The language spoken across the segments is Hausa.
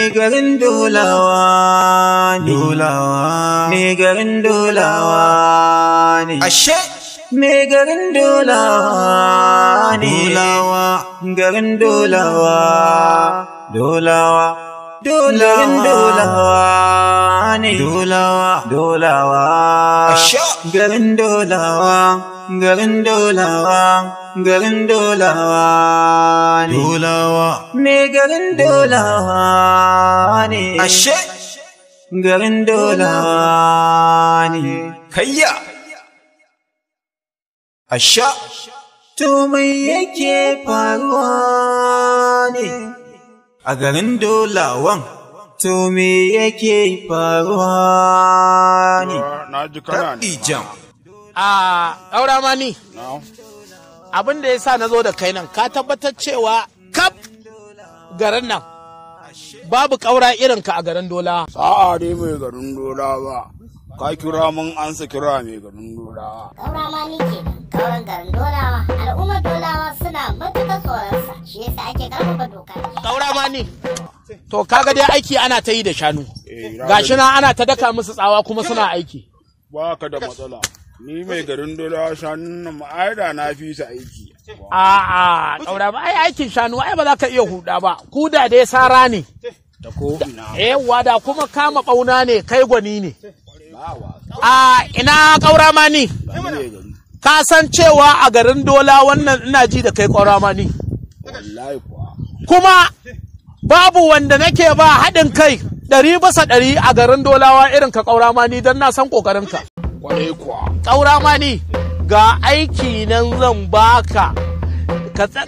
ne garin dolawa ne dolawa ne garin dolawa ne ashe ne garin dolawa ne dolawa garin dolawa dolawa dolawa ne dolawa dolawa garin dolawa garin dolawa garin dolawa ne dolawa me garin dolawa ne ashe garin dolawa ne kayya asha to mai yake faruwa ne a garin dolawan to me yake faruwa ne raɗi jam a ɗaura mani abin da ya sa na zo da kai nan ka tabbatar cewa kaf garin nan babu ƙaura irinka a garin dola sa'a ne mai garin dola ba ka kira mun an sa kira mai garin dola ɗaura mani ke kauran garin dola al'ummar dolawa suna tsoron sa, shi yasa ake Saura ma ni. To kaga dai aiki ana ta yi da shanu. Gashi na ana ta daka musu tsawa kuma suna aiki. Ba ka da matsala. Ni mai garin dola shanun nan ma'aida na fi su aiki. A'a, ɗaura ba ai aikin shanu ai ba za ka iya huda ba. Kuda dai sara ne. Da ko ina. Yawwa da kuma kama ɓauna ne kai gwani ne. A ina ƙaura ma ni. Ka san cewa a garin dola wannan ina ji da kai ƙaura ma ni. Wallahi kuma babu wanda nake ba haɗin kai ɗari bisa ɗari a garin dolawa irin ka ƙaura mani don na san ƙoƙarinka. Ƙaura mani ga aiki nan zan baka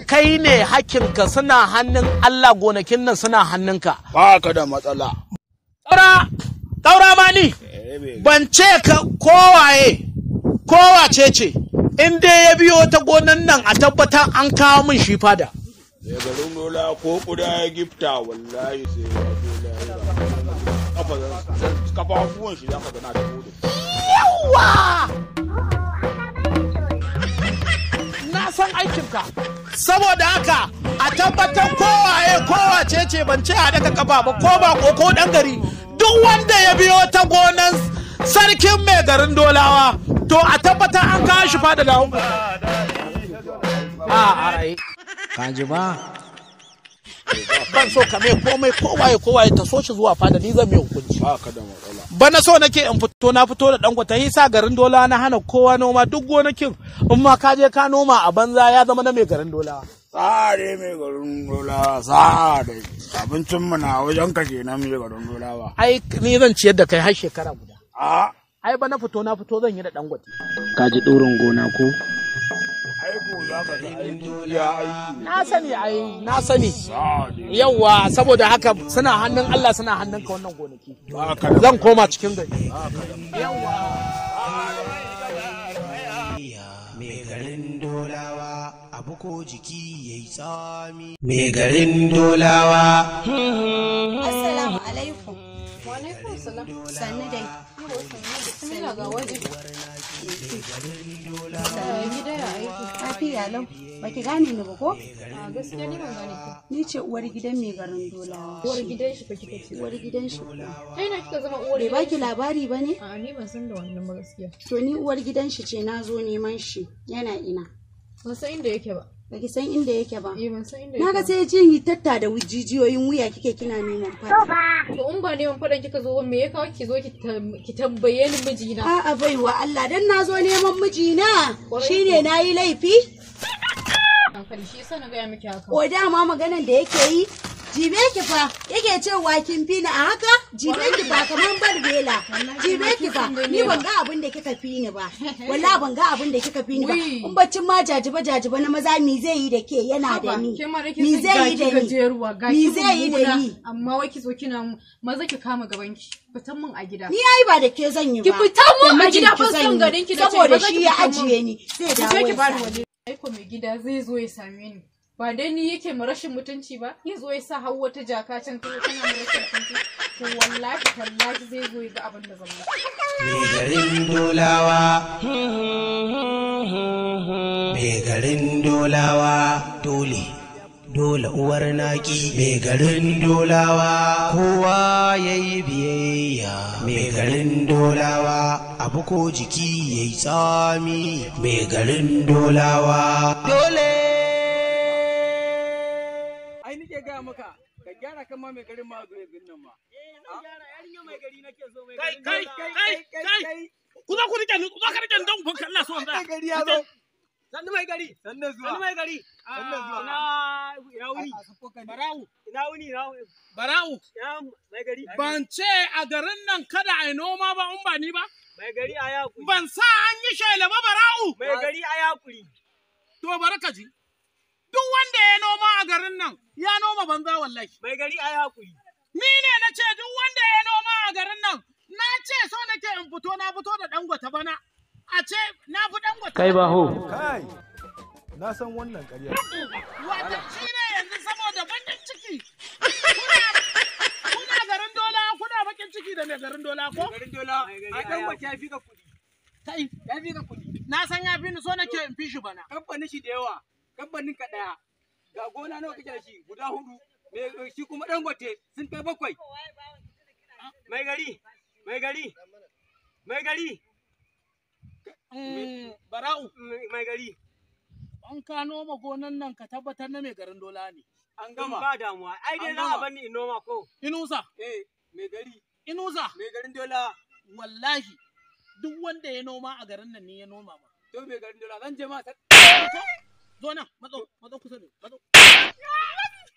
kai ne hakinka suna hannun Allah gonakin nan suna hannunka. Ba ka da matsala. Ƙaura mani ban ce ka kowaye kowace ce in dai ya biyo ta gonan nan a tabbatar an kawo min shi fada. sai garin lola ko kuda ya gifta wallahi sai ya zo lahira kafafuwan shi za ka gana da hudu yawa na san aikinka saboda haka a tabbatar kowaye kowa ce ce ban ce a daga kafa ba ko ba ko ko dan gari duk wanda ya biyo ta gonan sarkin mai garin dolawa to a tabbatar an kawo shi fada lahun a a ka ji ba ban so ka mai komai kowaye-kowaye, ta so shi zuwa fada ni zan mai hukunci ba ka da matsala bana so nake in fito na fito da dango yi hisa garin dola na hana kowa noma duk gonakin in ma ka je ka noma a banza ya zama na mai garin dola sare mai garin dola sare abincin mu na wajen ka kenan mai garin dola ba ai ni zan ciyar da kai har shekara guda a ah. ai bana fito na fito zan yi da dangote ka ji dorin gona ko na sani ai na sani yawa saboda haka suna hannun Allah suna hannun ka wannan gonaki zan koma cikin gari yawa mai garin dolawa abu ko jiki yi tsami mai garin dolawa assalamu alaikum wa alaikum salam sannu dai bismillah ga wajen. Lafiya lau, ba ki gane ni ba ko? Gaskiya ni ban gane Ni ce uwar gidan mai garin dola. Uwar gidan shi ba kika ce. Uwar gidan shi ba. Kai na kika zama uwar gidan. ba ki labari ba ne? A ni ban san da wannan ba gaskiya. To ni uwar gidan shi ce na zo neman shi yana ina. Ban san inda yake ba. baki san inda yake ba eh, na ga sai jin hitatta da jijiyoyin wuya kike kina neman fada to in ba neman fadan kika zo me ya kawo ki zo ki tambaye ni mijina a'a baiwa Allah dan na zo neman mijina shine nayi laifi shi yasa na ga miki dama maganan da yake yi jibe ki fa yake cewa kin fi ni a haka jibe ki fa bar barbela jibe ki fa ni ban ga abin da kika fi ni ba walla ban ga abin da kika fi ni ba in baccin ma jajiba jajiba na maza mi zai yi da ke yana da ni mi zai yi da ni mi zai yi da ni amma wai ki zo kina maza ki kama gaban ki fitan mun a gida ni yayi ba da ke zan yi ba ki fitan mun a gida fa san garin ki da saboda shi ya ajiye ni sai da wai ki ba ni waje aiko mai gida zai zo ya same ni ba dai ni yake mu rashin mutunci ba ya zo ya sa hau wata jaka can ta tana mu rashin mutunci to wallahi tallahi zai zo ya ga abin da zamu yi garin dolawa mai garin dolawa dole dole uwar naki mai garin dolawa kowa ya yi biyayya mai garin dolawa abu ko jiki ya yi tsami mai garin dolawa dole ai nike ga maka ka gyara kan ma mai garin ma zuwa yanzu nan ma eh na gyara yarinya mai gari nake so mai kai kai kai kai ku za ku rike ni ku za ka rike ni dan uban ka Allah so wanda kai gari ya zo sannu mai gari sannu zuwa sannu mai gari ah, sannu zuwa na ina wuni barau ina wuni ina barau ya mai gari ban ce a garin nan kada ai noma ba in ba ni ba mai gari a yakuri ban sa an yi shela ba barau mai gari a yakuri to baraka ji Duk wanda ya noma a garin nan ya noma banza wallahi. Mai gari ai hakuri. Ni ne na ce duk wanda ya noma a garin nan na ce so nake in fito na fito da gwata bana. A ce na fi gwata. Kai ba ho. Kai. Na san wannan ƙarya. Wata shi ne yanzu saboda bakin ciki. Kuna garin dola kuna bakin ciki da mai garin dola ko? Garin dola a dangwata ya fi ka kuɗi. Kai ya fi ka kuɗi. Na san ya fi ni so nake in fi shi bana. Kamfanin shi da yawa. kamfanin ka daya ga gona nawa kake da shi guda hudu mai shi kuma dangote sun kai bakwai mai gari mai gari mai gari eh. bara'u mai gari an ka noma gonan nan ka tabbatar na mai garin dola ne an gama ba damuwa ai dai za a bani in noma ko inusa eh mai gari inusa mai garin dola wallahi duk wanda ya noma a garin nan ne ya noma ma to mai garin dola zan je ma zo nan matso matso kusa da matso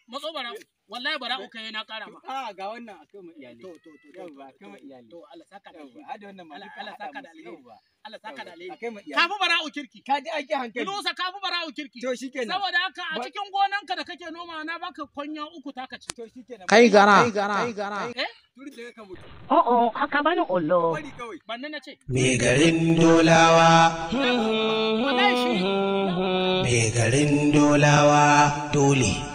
matso bara wallahi bara uka yana kara ma a ah, ga wannan mu iyali to to to mu iyali to Allah saka da yawa hada wannan mallaka Allah saka da alheri Allah saka da alheri mu iyali kafu bara u kirki ka ji ake hankali kafu bara u kirki to shikenan saboda haka a cikin gonanka da kake noma na baka kwanya uku ta kace. to shikenan kai gara kai gara kai gara eh da ka mutu o oh, o oh, haka bani ullo bari banne na ce me garin dolawa me garin dolawa dole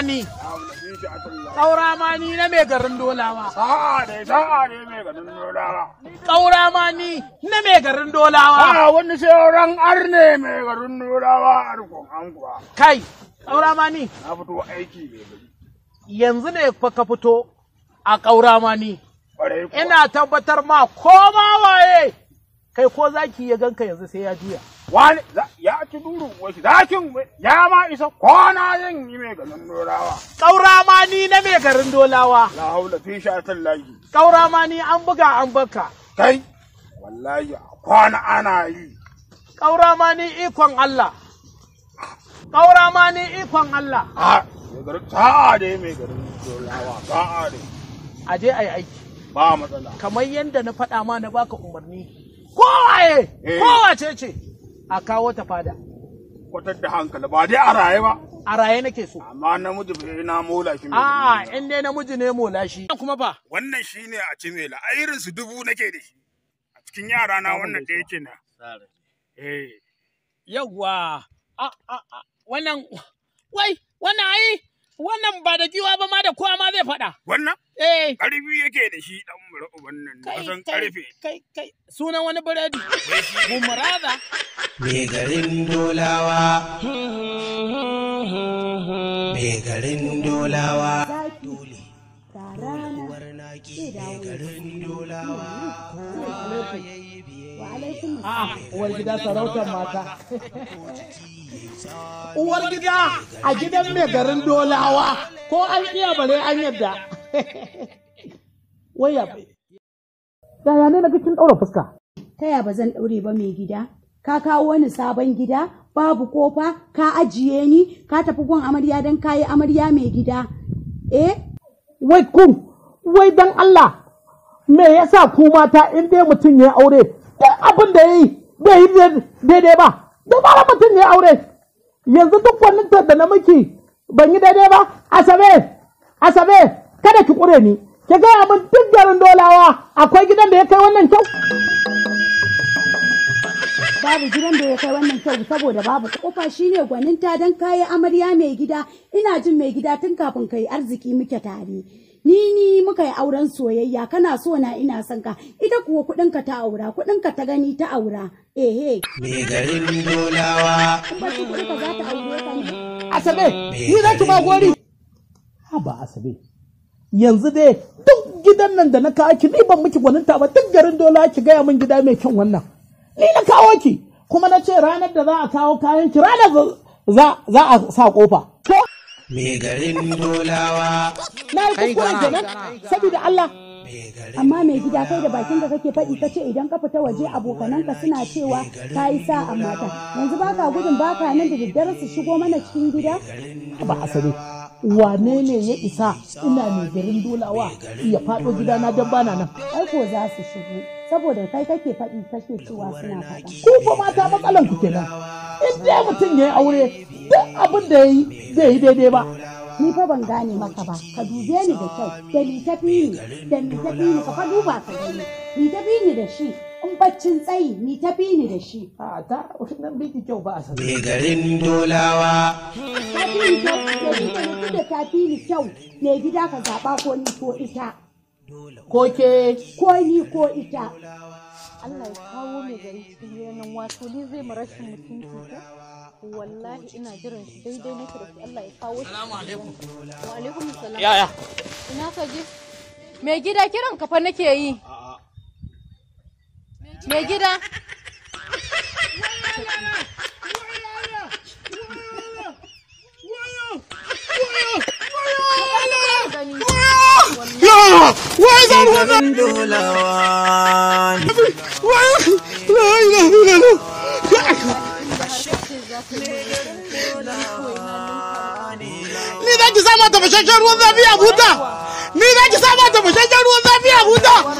mani ma ni na mai garin dolawa sa'a ne sa'a ne mai garin dolawa ƙaura ni na mai garin dolawa a ah, wani sauran arne mai garin dolawa a rikon anguwa kai ƙaura ni. na fito aiki mai gari yanzu ne fa ka fito a ma ni. ina tabbatar ma ko ma waye kai ko zaki ya ganka yanzu sai ya juya wani ya ci durin wasu zakin ya ma isa kwana yin yi mai garin dolawa. Ƙaura ma ni na mai garin dolawa. hau haula fi sha tallahi. Ƙaura ma ni an buga an baka. Kai wallahi kwana ana yi. Ƙaura ma ni ikon Allah. Ƙaura ma ni ikon Allah. A sa'a dai mai garin dolawa sa'a dai. A je a yi aiki. Ba matsala. Kamar yadda na faɗa ma na baka umarni. Kowaye, eh. kowace ce. a kawo ta fada. Kwatar da hankali ba dai a raye ba. A raye nake so. Amma namiji bai na mola shi. A'a in dai namiji ne mola shi. Kuma ba. Wannan shi ne a cimela a irin dubu nake da shi. A cikin yara na wannan da yake na. Eh. Yawwa. Wannan wai wannan ai wannan ba da giwa ba ma da kowa ma zai faɗa. Wannan? Eh. Ƙarfi yake da shi ɗan mura wannan na san Kai kai sunan wani biredi. Gumuraza. mai garin dolawa mai garin dolawa dole uwar naki mai garin dolawa kowa ya yi ah, uwar gida sarautar mata uwar gida a gidan mai garin dolawa ko an iya bare an yadda waya yaya ne na cikin ɗaura fuska ta ya ba zan ɗaure ba mai gida ka kawo wani sabon gida babu kofa ka ajiye ni ka tafi gun amarya don kayi amarya mai gida eh wai ku wai dan Allah me yasa ku mata in dai mutum ya aure duk abin da yayi bai yi daidai ba da fara mutum ya aure yanzu duk wannan da na ban yi daidai ba asabe asabe kada ki kure ni ki gaya min duk garin dolawa akwai gidan da ya kai wannan kyau babu gidan da ya kai wannan kyau saboda babu kofa shine gwaninta dan kayi amarya mai gida ina jin mai gida tun kafin kai arziki muke tare ni ni muka yi auren soyayya kana so na ina son ka ita kuwa kudin ka ta aura kudin ka ta gani ta aura ehe me garin dolawa za ta aure asabe ni za ki ba gori ba asabe yanzu dai duk gidan nan da na kawo ki ni ban miki gwaninta ba duk garin dola ki gaya min gida mai kyan wannan ni na kawo ki kuma na ce ranar da za a kawo kayan ki ranar za a sa kofa me garin dolawa na yi kuskuren kenan saboda Allah amma mai gida kai da bakin da kake faɗi ka ce idan ka fita waje abokananka suna cewa ka yi sa'a mata yanzu baka gudun baka nan da daddare su shigo mana cikin gida ba asali wane ne ya isa ina mai garin dolawa ya faɗo gidana don bana nan ai ko za su shigo saboda kai kake faɗi kake cewa suna faɗa ku ko mata matsalan ku kenan in dai mutum ya yi aure duk abin da ya yi zai yi daidai ba ni fa ban gane maka ba ka dube ni da kyau da ni tafi ni da ni tafi ni ka fa duba ka gani ni bi ni da shi baccin tsayi ni ta bi ni da shi. A ta nan bi ki kyau ba a sanar. Me garin dolawa. Ta bi ni kyau, da da ta bi ni kyau, me gida ka zaɓa ko ni ko ita. Ko ke? Ko ni ko ita. Allah ya kawo mai gari cikin yanan wato ni zai mu rashin mutunci ko? Wallahi ina jiran shi daidai ne da shi Allah ya kawo shi. Salamu alaikum. Wa alaikum salam. Yaya. Ina ka je? Mai gida kiran kafa nake yi. Ah, Me gida. Ni zaki sama ta fashashen ruwan zafi a buta. Ni zaki sama ta fashashen ruwan zafi a buta.